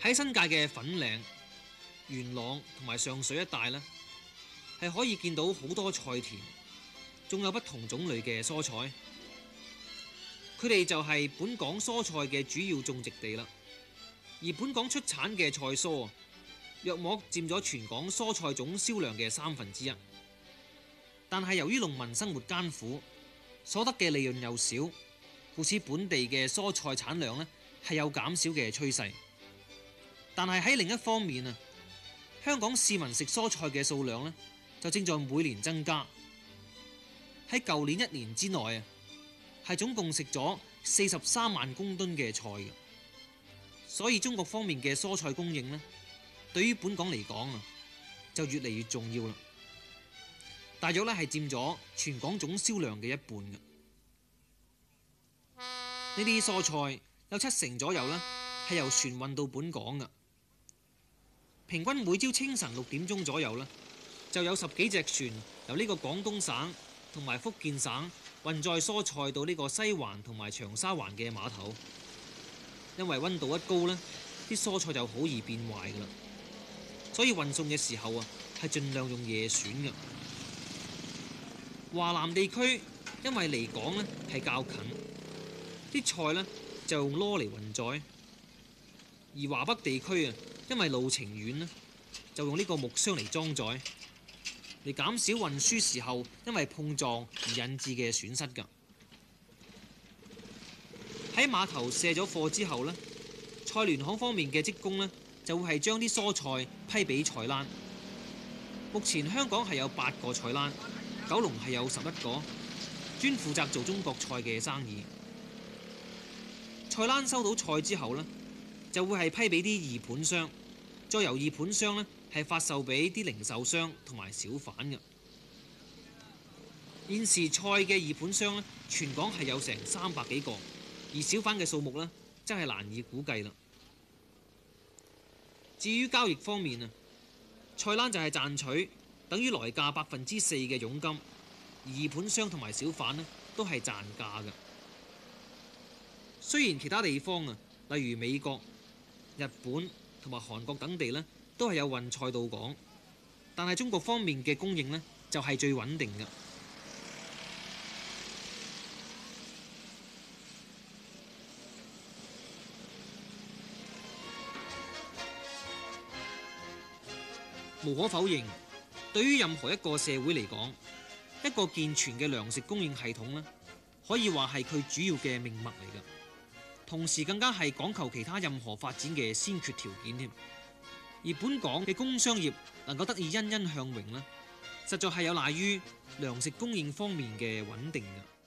喺新界嘅粉嶺、元朗同埋上水一帶，呢係可以見到好多菜田，仲有不同種類嘅蔬菜。佢哋就係本港蔬菜嘅主要種植地啦。而本港出產嘅菜蔬，約莫佔咗全港蔬菜總銷量嘅三分之一。但係由於農民生活艱苦，所得嘅利潤又少，故此本地嘅蔬菜產量呢係有減少嘅趨勢。但係喺另一方面啊，香港市民食蔬菜嘅數量呢，就正在每年增加。喺舊年一年之內啊，係總共食咗四十三萬公噸嘅菜嘅，所以中國方面嘅蔬菜供應呢，對於本港嚟講啊，就越嚟越重要啦。大約呢係佔咗全港總銷量嘅一半嘅。呢啲蔬菜有七成左右呢，係由船運到本港噶。平均每朝清晨六點鐘左右呢，就有十幾隻船由呢個廣東省同埋福建省運載蔬菜到呢個西環同埋長沙環嘅碼頭。因為溫度一高呢，啲蔬菜就好易變壞噶啦，所以運送嘅時候啊，係盡量用夜船噶。華南地區因為離港呢係較近，啲菜呢就用籮嚟運載，而華北地區啊。因為路程遠呢，就用呢個木箱嚟裝載，嚟減少運輸時候因為碰撞而引致嘅損失㗎。喺碼頭卸咗貨之後呢，菜聯行方面嘅職工呢，就會係將啲蔬菜批俾菜欄。目前香港係有八個菜欄，九龍係有十一個，專負責做中國菜嘅生意。菜欄收到菜之後呢，就會係批俾啲二盤商，再由二盤商呢係發售俾啲零售商同埋小販嘅。現時菜嘅二盤商呢，全港係有成三百幾個，而小販嘅數目呢，真係難以估計啦。至於交易方面啊，菜欄就係賺取等於來價百分之四嘅佣金，而二盤商同埋小販呢，都係賺價嘅。雖然其他地方啊，例如美國。日本同埋韓國等地咧，都係有運菜到港，但係中國方面嘅供應咧，就係最穩定嘅。無可否認，對於任何一個社會嚟講，一個健全嘅糧食供應系統咧，可以話係佢主要嘅命脈嚟嘅。同時更加係講求其他任何發展嘅先決條件㖏，而本港嘅工商業能夠得以欣欣向榮呢，實在係有賴於糧食供應方面嘅穩定的。